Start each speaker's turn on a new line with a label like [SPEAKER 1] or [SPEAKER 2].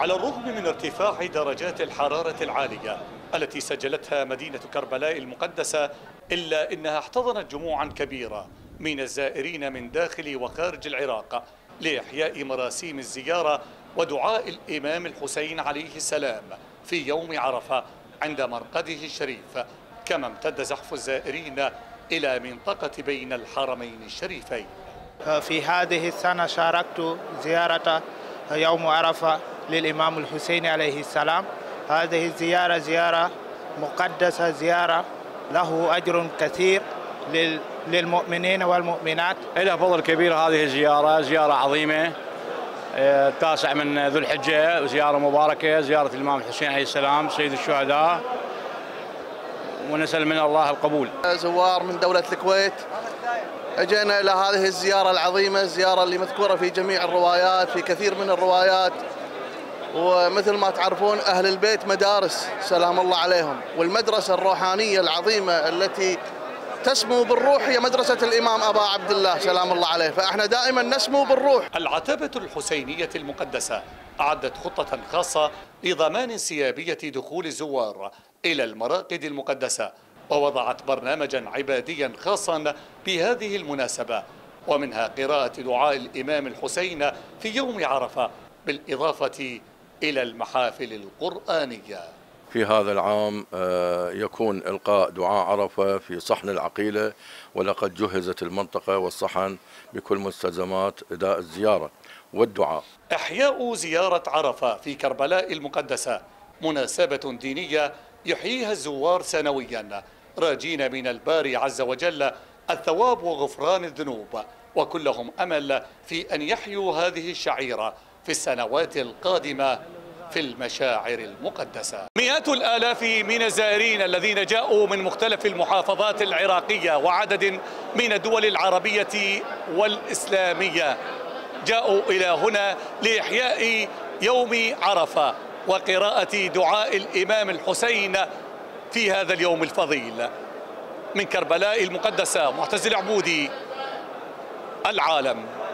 [SPEAKER 1] على الرغم من ارتفاع درجات الحرارة العالية التي سجلتها مدينة كربلاء المقدسة إلا أنها احتضنت جموعا كبيرة من الزائرين من داخل وخارج العراق لإحياء مراسيم الزيارة ودعاء الإمام الحسين عليه السلام في يوم عرفة عند مرقده الشريف كما امتد زحف الزائرين إلى منطقة
[SPEAKER 2] بين الحرمين الشريفين آه، في هذه السنة شاركت زيارة آه، يوم عرفة للإمام الحسين عليه السلام هذه الزيارة زيارة مقدسة زيارة له أجر كثير للمؤمنين والمؤمنات
[SPEAKER 3] إلى فضل كبير هذه الزيارة زيارة عظيمة التاسع آه، من ذو الحجة زيارة مباركة زيارة الإمام الحسين عليه السلام سيد الشهداء ونسأل من الله القبول زوار من دولة الكويت أجينا إلى هذه الزيارة العظيمة الزيارة اللي مذكورة في جميع الروايات في كثير من الروايات ومثل ما تعرفون أهل البيت مدارس سلام الله عليهم والمدرسة الروحانية العظيمة التي تسمو بالروح هي مدرسة الإمام أبا عبد الله سلام الله عليه فإحنا دائما نسمو بالروح
[SPEAKER 1] العتبة الحسينية المقدسة أعدت خطة خاصة لضمان انسيابية دخول الزوار إلى المراقد المقدسة ووضعت برنامجا عباديا خاصا بهذه المناسبة ومنها قراءة دعاء الإمام الحسين في يوم عرفة بالإضافة إلى المحافل القرآنية
[SPEAKER 3] في هذا العام آه، يكون إلقاء دعاء عرفة في صحن العقيلة ولقد جهزت المنطقة والصحن بكل مستلزمات أداء الزيارة والدعاء
[SPEAKER 1] إحياء زيارة عرفة في كربلاء المقدسة مناسبة دينية يحييها الزوار سنويا راجين من الباري عز وجل الثواب وغفران الذنوب وكلهم أمل في أن يحيوا هذه الشعيرة في السنوات القادمة في المشاعر المقدسة مئات الآلاف من الزائرين الذين جاءوا من مختلف المحافظات العراقية وعدد من الدول العربية والإسلامية جاءوا إلى هنا لإحياء يوم عرفة وقراءة دعاء الإمام الحسين في هذا اليوم الفضيل من كربلاء المقدسة معتز
[SPEAKER 2] العبودي العالم